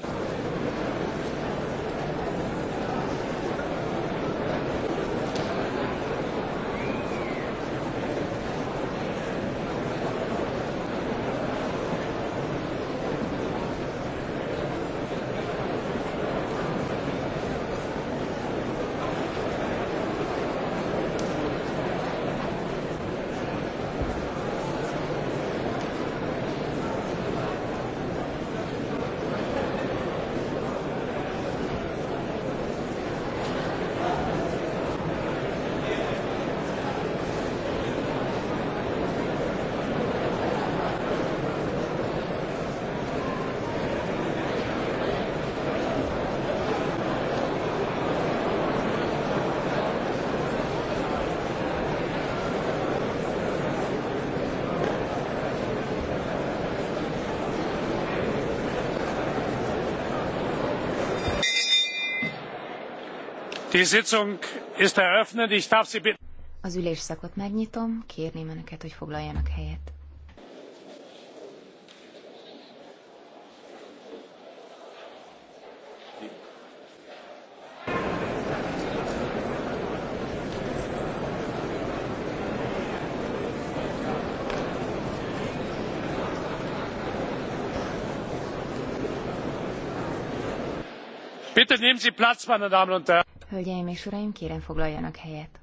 köszönöm. Az ülésszakot megnyitom, kérném önöket, hogy foglaljanak helyet. bitte nehmen sie platz meine damen und herren! Hölgyeim és uraim, kérem foglaljanak helyet.